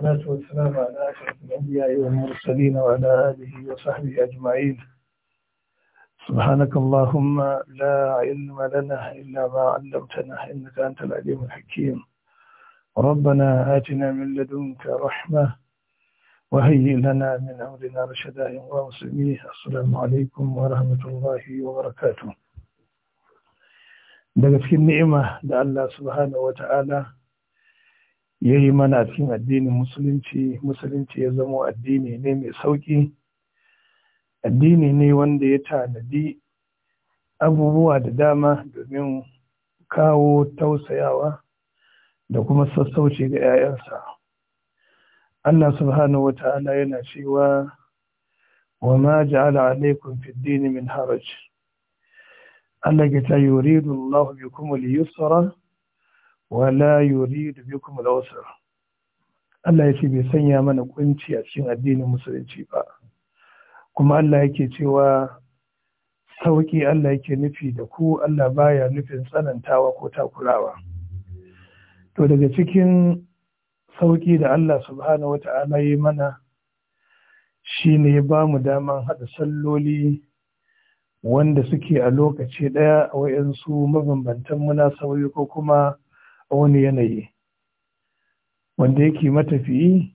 والصلاة والسلام على أشرف الأنبياء والمرسلين وعلى آله وصحبه أجمعين سبحانك اللهم لا علم لنا إلا ما علمتنا إنك أنت العليم الحكيم ربنا آتنا من لدنك رحمة وهيئ لنا من أمرنا رشدا ومسلمين السلام عليكم ورحمة الله وبركاته دقت في النعمة لأن الله سبحانه وتعالى ya yi mana cikin addinin musulunci musulunci ya zama addini ne mai sauƙi addini ne wanda ya tanadi abubuwa da dama domin kawo tausayawa da kuma sassauci ga 'ya'yansa Allah subhanahu wa ta'ala yana cewa wa ma ja'ala alaikum fid dini min haraj Allah ya ta yuridu Allah bikum al-yusra wala da bikum al-usra Allah ya ce bai sanya mana kunci a cikin addinin musulunci ba kuma Allah yake cewa sauki Allah yake nufi da ku Allah baya nufin tsanantawa ko takurawa to daga cikin sauki da Allah subhanahu wata'ala yi mana shine ya mu daman hada salloli wanda suke a lokaci daya a wayansu mabambantan munasabai ko kuma a wani yanayi wanda yake matafiyi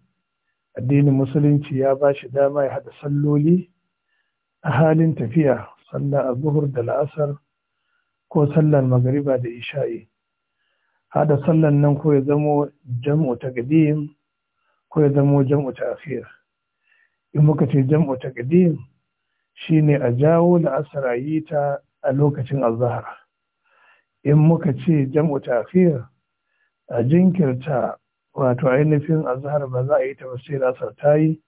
addinin musulunci ya ba shi dama ya haɗa salloli a halin tafiya sallar azuhur da la'asar ko sallar magariba da isha'i haɗa sallar nan ko ya zamo jam'u ta gadiyin ko ya zamo jam'u ta afiyar in muka ce jam'u ta shi ne a jawo la'asar a yi ta a lokacin azahar in muka ce jam'u ta afiyar a jinkirta wato ainihin azhar ba za a yi ta wasu ta yi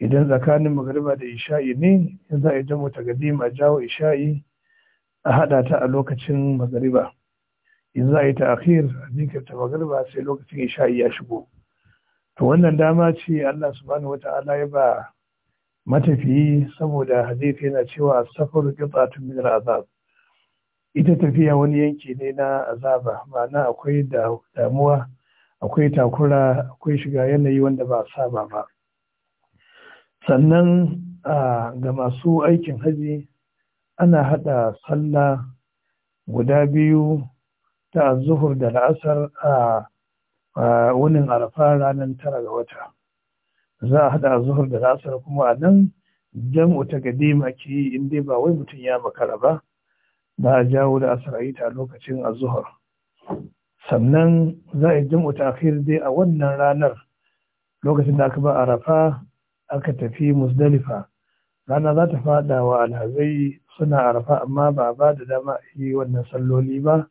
idan tsakanin magariba da isha'i ne za a yi jamo ta gadima jawo isha'i a haɗa ta a lokacin magariba in za a yi ta akhir a jinkirta magariba sai lokacin isha'i ya shigo to wannan dama ce Allah subhanahu wata'ala ya ba matafiyi saboda hadisi yana cewa safar qita'atun min azab ita tafiya wani yanki ne na azaba ma'ana akwai damuwa akwai takura akwai shiga yanayi wanda ba saba ba sannan ga masu aikin haji ana hada sallah guda biyu ta zuhur da la'asar a wunin arafa ranar tara ga wata za a hada zuhur da la'asar kuma a nan jam'u ta gadi ke yi inda ba wai mutum ya makara ba za a jawo da asar ta lokacin azuhar sannan za a jin jim'u dai a wannan ranar lokacin da aka ba a rafa aka tafi musdalifa rana za ta fada wa alhazai suna a rafa amma ba ba da dama a yi wannan salloli ba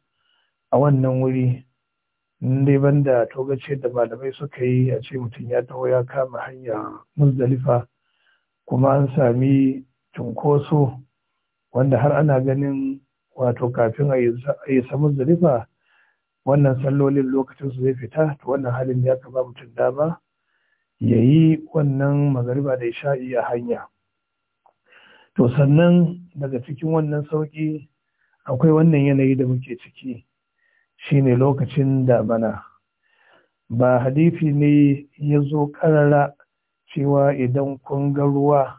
a wannan wuri dai banda togace da malamai suka yi a ce mutum ya taho ya kama hanya musdalifa kuma an sami cunkoso wanda har ana ganin wato kafin a yi samun zarifa wannan sallolin lokacin su zai fita ta wannan halin ya ba mutum dama ya yi wannan magariba da isha'i a hanya to sannan daga cikin wannan sauki akwai wannan yanayi da muke ciki shine lokacin damana ba hadifi ne ya zo karara cewa idan kun ga ruwa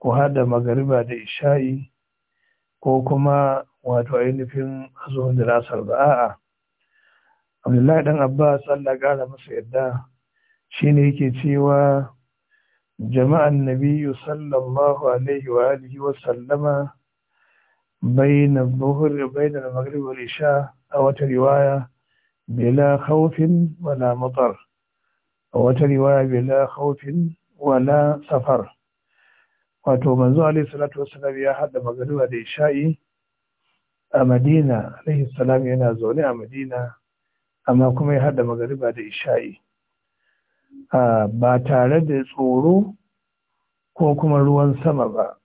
ku hada magariba da isha'i ko kuma wato ainihin azumin dirasar ba a'a abdullahi dan abbas allah kara masa yadda shine yake cewa jama'an nabiyyu sallallahu alaihi wa alihi wa sallama bayna dhuhr bayna maghrib wal isha a wata riwaya bila khawfin wala matar a wata riwaya bila khawfin wala safar wato manzo alaihi salatu wasallam ya hada magariba da isha'i a madina alaihi salam yana zaune a madina amma kuma ya hada magariba da isha'i ba tare da tsoro ko kuma ruwan sama ba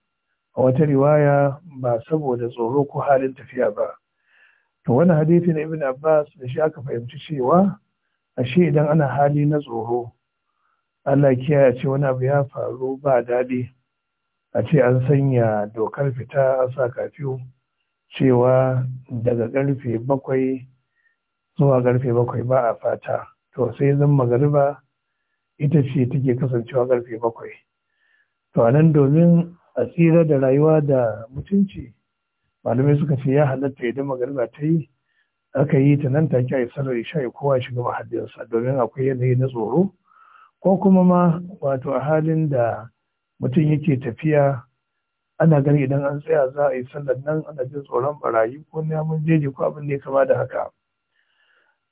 a wata riwaya ba saboda tsoro ko halin tafiya ba to wani hadisi na ibn abbas da shi aka fahimci cewa ashe idan ana hali na tsoro Allah kiyaye ce wani abu ya faru ba daɗi a ce an sanya dokar fita a sa kafiyo cewa daga karfe bakwai zuwa karfe bakwai ba a fata to sai zan magariba ita ce take kasancewa karfe bakwai to anan domin a tsira da rayuwa da mutunci malamai suka ce ya halatta idan magariba ta yi aka yi ta nan take a yi salar isha kowa shiga mahadinsa domin akwai yanayi na tsoro ko kuma ma wato a halin da mutum yake tafiya ana gani idan an tsaya za a yi sallar nan ana jin tsoron barayi ko namun jeji ko abin da ya kama da haka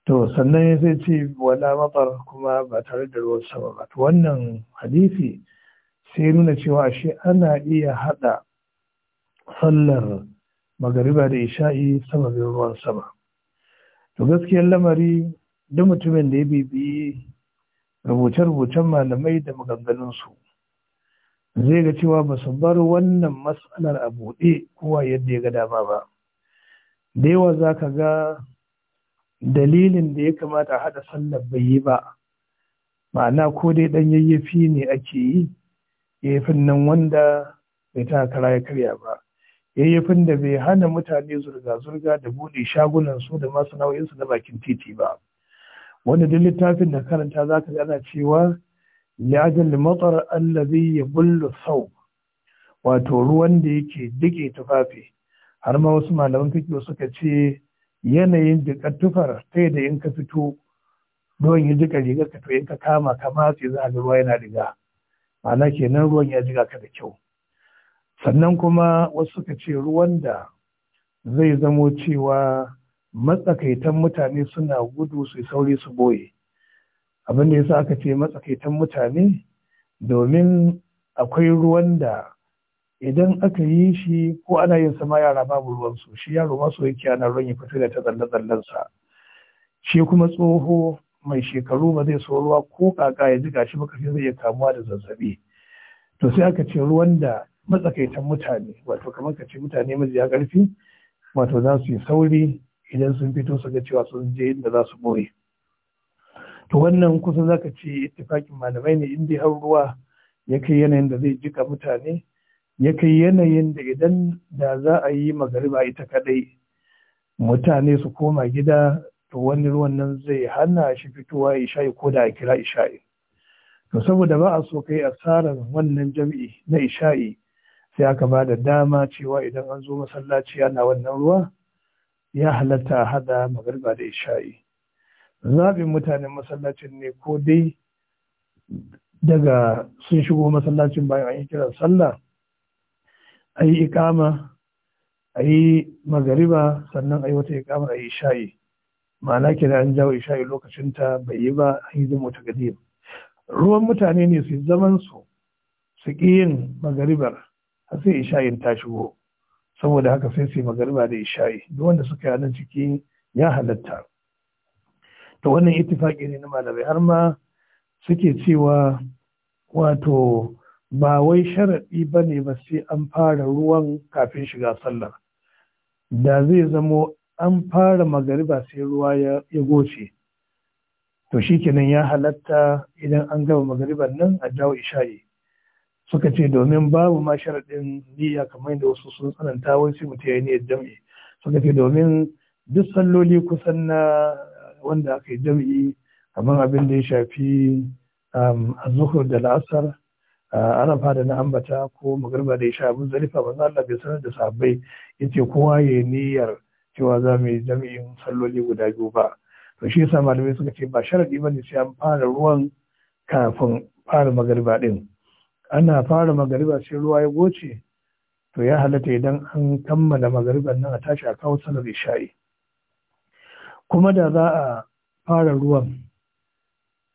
to sannan ya sai ce wala matar kuma ba tare da ruwan sama ba to wannan hadisi sai nuna cewa ashe ana iya haɗa sallar magariba da isha'i sama ruwan sama to gaskiyar lamari duk mutumin da ya bibiyi rubuce-rubucen malamai da maganganunsu zai ga cewa ba su bar wannan matsalar a buɗe kowa yadda ya ga dama ba da yawa za ka ga dalilin da ya kamata haɗa sallar bai yi ba ma'ana ko dai ɗan yayyafi ne ake yi yayyafin nan wanda bai ta kara ya karya ba yayyafin da bai hana mutane zurga-zurga da buɗe shagunansu da masu nau'insu na bakin titi ba wanda duk littafin da karanta za ka ana cewa li'ajal matsar allazi ya bullu sau wato ruwan da yake dike tufafi har ma wasu malaman fiƙi suka ce yanayin jikar tufar ta da in ka fito ruwan ya jika rigar ka to in ka kama ka matse za ga ruwa yana riga ma'ana kenan ruwan ya jika ka da kyau sannan kuma wasu suka ce ruwan da zai zamo cewa matsakaitan mutane suna gudu su sauri su boye abin da yasa aka ce matsakaitan mutane domin akwai ruwan da idan aka yi shi ko ana yin sama yara babu ruwan su shi yaro ma so yake ana ruwan ya fito da ta tsalle tsallensa shi kuma tsoho mai shekaru ba zai so ruwa ko kaka ya ji shi baka zai iya kamuwa da zazzabi to sai aka ce ruwan da matsakaitan mutane wato kamar ka ce mutane ya karfi wato za su yi sauri idan sun fito su ga cewa sun je inda za su boye to wannan kusan ka ce ittifakin malamai ne inda har ruwa ya kai yanayin da zai jika mutane ya kai yanayin da idan da za a yi magariba ita kadai mutane su koma gida to wani ruwan nan zai hana shi fitowa isha'i ko da a kira isha'i to saboda ba a so kai asarar wannan jami'i na isha'i sai aka ba da dama cewa idan an zo masallaci ana wannan ruwa ya halatta hada magariba da isha'i zaɓin mutanen masallacin ne ko dai daga sun shigo masallacin bayan an yi kiran sallah a yi ikama a yi magariba sannan a yi wata ikama a yi shayi ma'ana kira an jawo shayi lokacinta bai yi ba an yi zama ta gadiya ruwan mutane ne su zaman su su ƙi yin magaribar har sai ishayin ta shigo saboda haka sai su yi magariba da ishayi duk wanda suka yi nan ciki ya halatta to wannan ittifaki ne na malamai har ma suke cewa wato ba wai sharaɗi ba ne ba sai an fara ruwan kafin shiga sallar da zai zamo an fara magariba sai ruwa ya goce to shi kenan ya halatta idan an gama magariban nan a dawo isha'i suka ce domin babu ma sharaɗin niyya kamar da wasu sun tsananta wai sai mutum ya yi niyyar jam'i suka ce domin duk salloli kusan na wanda aka yi jam'i kamar abin da ya shafi um, azuhur da la'asar uh, arafa da na ambata ko magarba da ya sha abin zarifa ba za Allah bai sanar da sabbai ya ce kowa ya yi niyyar cewa za mu yi jami'in salloli guda biyu ba to shi yasa malamai suka ce ba sharadi ba ne sai an fara ruwan kafin fara magariba din ana fara magariba sai ruwa ya goce to ya halatta idan an kammala magariban nan a tashi a kawo sanar isha'i kuma da za a fara ruwan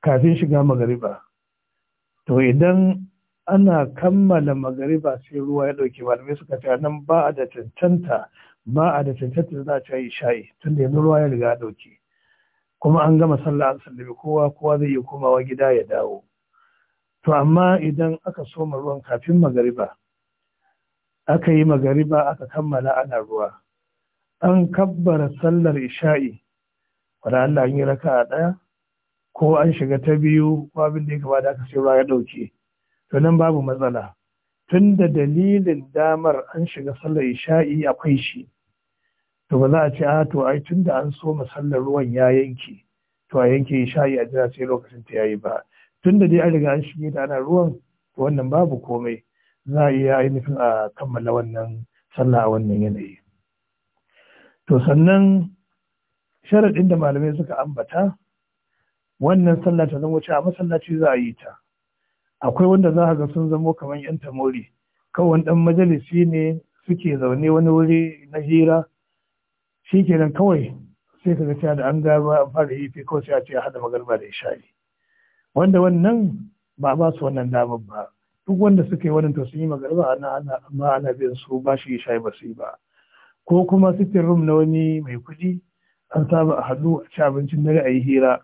kafin shiga magariba to idan ana kammala magariba sai ruwa ya ɗauki malami suka ce nan ba a da cancanta ba a da cancanta za a ci shayi tunda yanzu ruwa ya riga ɗauki kuma an gama sallah an sallami kowa kowa zai iya komawa gida ya dawo to amma idan aka soma ruwan kafin magariba aka yi magariba aka kammala ana ruwa an kabbara sallar isha'i wala Allah yi raka ɗaya ko an shiga ta biyu ko abin da ya kamata aka sai ya ɗauke to nan babu matsala tun da dalilin damar an shiga sallar isha'i akwai shi to ba za a ce a ah, to ai tun da an so sallar ruwan ya yanke to a yanke isha'i a jira sai lokacin ta yayi ba tun da dai an riga an shige ta ana ruwan to wannan babu komai za a iya ainihin a kammala wannan sallah a wannan yanayi to sannan sharaɗin da malamai suka ambata wannan sallah ta zama a masallaci za a yi ta akwai wanda za a ga sun zamo kamar yan tamori kawai dan majalisi ne suke zaune wani wuri na hira shi kenan kawai sai ka ga da an gaba an fara yi kawai sai a ce a haɗa magarba da ishayi? wanda wannan ba ba su wannan damar ba duk wanda suka yi wannan to sun yi magarba ana ana ana bin su ba shi isha'i ba su yi ba ko kuma sitin rum na wani mai kuɗi an saba a haɗu a ci abincin dare a yi hira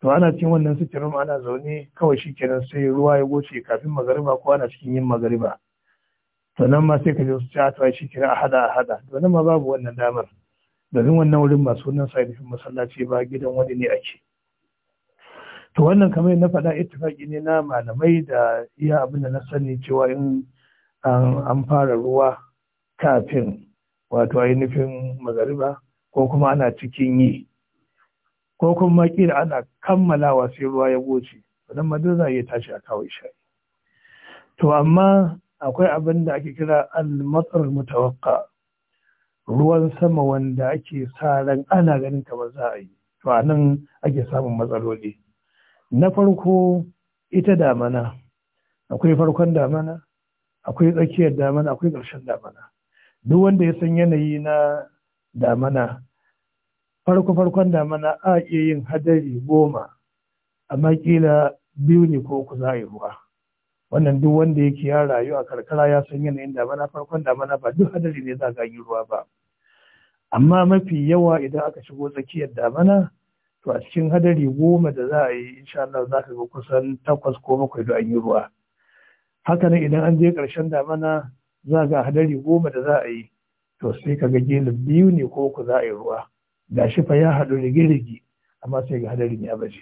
to ana cin wannan sukirin ana zaune kawai shi kenan sai ruwa ya goce kafin magariba ko ana cikin yin magariba to nan ma sai ka je su ci a shi kira a hada a hada to nan ma babu wannan damar domin wannan wurin masu wannan sa'idifin masallaci ba gidan wani ne ake to wannan kamar na faɗa ittifaki ne na malamai da iya abin da na sani cewa in an fara ruwa kafin wato ainihin magariba ko kuma ana cikin yi ko kuma kila ana kammalawa sai ruwa ya goce wannan ma duk za a iya tashi a kawo shayi to amma akwai abin da ake kira al-matsar mutawakka ruwan sama wanda ake sa ran ana ganin kamar za a yi to a nan ake samun matsaloli na farko ita damana akwai farkon damana akwai tsakiyar damana akwai ƙarshen damana duk wanda ya san yanayi na damana farko-farkon damana a iya yin hadari goma amma kila biyu ne ko ku za a yi ruwa wannan duk wanda yake ya rayu a karkara ya san yanayin damana farkon damana ba duk hadari ne za a yi ruwa ba amma mafi yawa idan aka shigo tsakiyar damana to a cikin hadari goma da za a yi insha Allah za ka ga kusan takwas ko bakwai da an yi ruwa haka nan idan an je karshen damana za a ga hadari goma da za a yi to sai ka ga gelin biyu ne ko ku za a yi ruwa ga shi fa ya haɗu rige-rige amma sai ga hadarin ya baje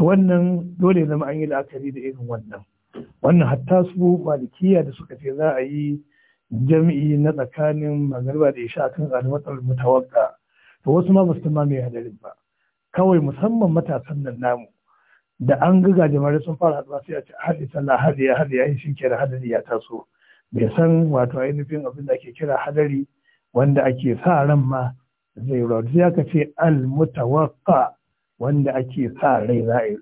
to wannan dole zama an yi la'akari da irin wannan wannan hatta su malikiya da suka ce za a yi jam'i na tsakanin magarba da isha kan almatsar mutawakka to wasu ma basu ma mai hadarin ba kawai musamman matasan nan namu da an ga gajimare sun fara haɗuwa sai a ce haɗe sallah haɗe ya haɗe ya yi shi ke da hadari ya taso bai san wato ainihin abin da ake kira hadari wanda ake sa ran ma zai rauni sai aka ce wanda ake sa rai zai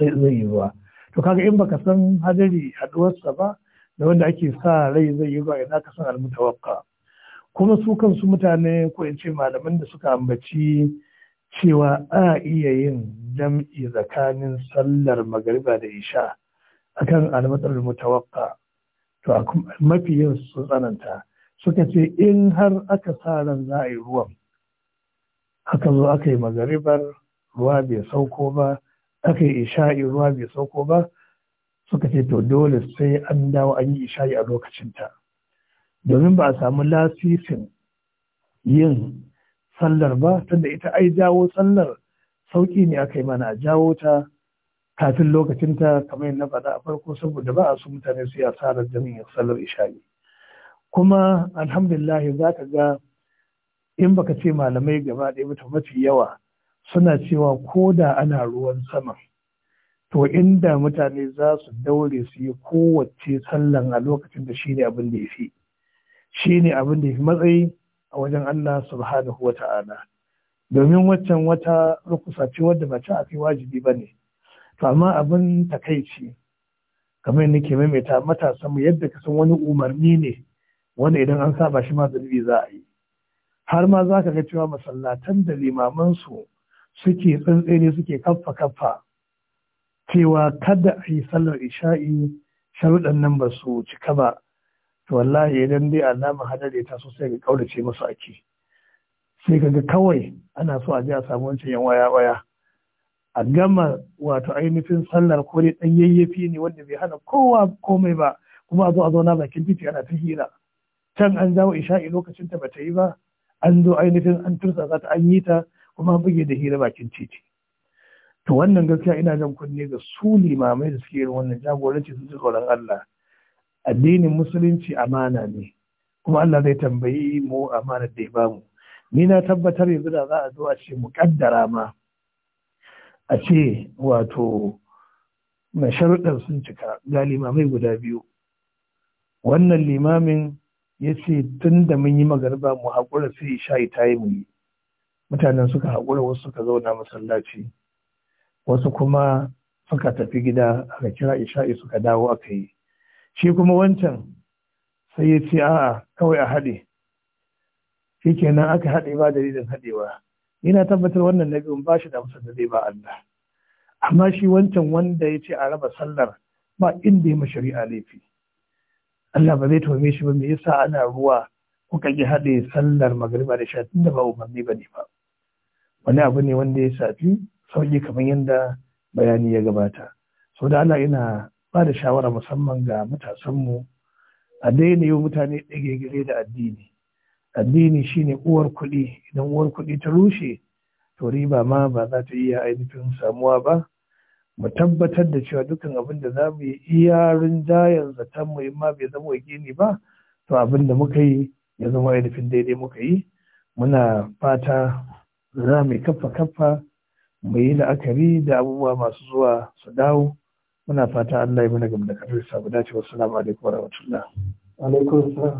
yi ruwa to kaga in baka san hadari haduwarsa ba da wanda ake sa rai zai yi ruwa ina ka san almutawaqqa kuma su kansu mutane ko in ce malaman da suka ambaci cewa a iya yin jam'i tsakanin sallar magariba da isha akan almatsar mutawakka to mafi yin su tsananta suka ce in har aka sa ran za a yi ruwan aka zo aka yi magaribar ruwa bai sauko ba aka yi isha'i ruwa bai sauko ba suka ce to dole sai an dawo an yi isha'i a lokacinta domin ba a samu lasisin yin sallar ba tunda ita ai jawo sallar sauƙi ne aka yi mana a jawo ta kafin lokacinta kamar yadda faɗa a farko saboda ba a su mutane su yi asarar jami'in salar isha'i kuma alhamdulillah za ka ga in baka ce malamai gaba ɗaya ba mafi yawa suna cewa ko da ana ruwan sama to inda mutane za su daure su yi kowace sallan a lokacin da shine abin da ya fi shine abin da ya fi matsayi a wajen Allah subhanahu wa ta'ala domin waccan wata rukusa ce wadda ba ci a fi wajibi ba ne to abin takaici kamar ke maimaita matasan mu yadda ka san wani umarni ne wanda idan an saba shi ma zunubi za a yi har ma za ka ga cewa masallatan da limaman su suke tsantsene suke kaffa kaffa cewa kada a yi sallar isha'i sharuɗan nan ba su cika ba to wallahi idan dai alama hadari ta so sai ga kaurace masu ake sai kaga kawai ana so a je a samu wancan yan waya waya a gama wato ainihin sallar ko dai ɗan yayyafi ne wanda bai hana kowa komai ba kuma a zo a zauna bakin titi ana ta hira can an dawo isha'i lokacin ta bata yi ba an zo ainihin an tursa za ta an yi ta kuma an buge da hira bakin titi to wannan gaskiya ina jan kunne ga su limamai da suke irin wannan jagoranci su ji tsoron Allah addinin musulunci amana ne kuma Allah zai tambayi mu amanar da ya bamu ni na tabbatar yanzu da za a zo a ce mu kaddara ma a ce wato na sharuɗar sun cika ga limamai guda biyu wannan limamin ya ce tun da mun yi magarba mu haƙura sai shayi ta yi mu mutanen suka haƙura wasu suka zauna masallaci wasu kuma suka tafi gida aka kira isha'i suka dawo aka yi shi kuma wancan sai ya ce a'a kawai a haɗe kenan aka haɗe ba dalilin haɗewa ina tabbatar wannan nabiyun ba shi da amsa da zai ba Allah amma shi wancan wanda ya ce a raba sallar ba inda ya shari'a laifi Allah ba zai tuhume shi ba me yasa ana ruwa kuka ki haɗe sallar magariba da sha da ba umarni ba ne ba wani abu ne wanda ya shafi sauki kamar yadda bayani ya gabata sau da Allah yana ba da shawara musamman ga matasanmu a daina yi mutane ɗage gire da addini addini shine uwar kuɗi idan uwar kuɗi ta rushe to riba ma ba za ta iya ainihin samuwa ba mu tabbatar da cewa dukkan abin da za mu yi iya rinjayen zaton mu ma bai zama gini ba to abin da muka yi ya zama ainihin daidai muka yi muna fata za mu kaffa kaffa mu yi la'akari da abubuwa masu zuwa su dawo muna fata Allah ya mana gamda da sabu dace wassalamu alaikum warahmatullahi alaikum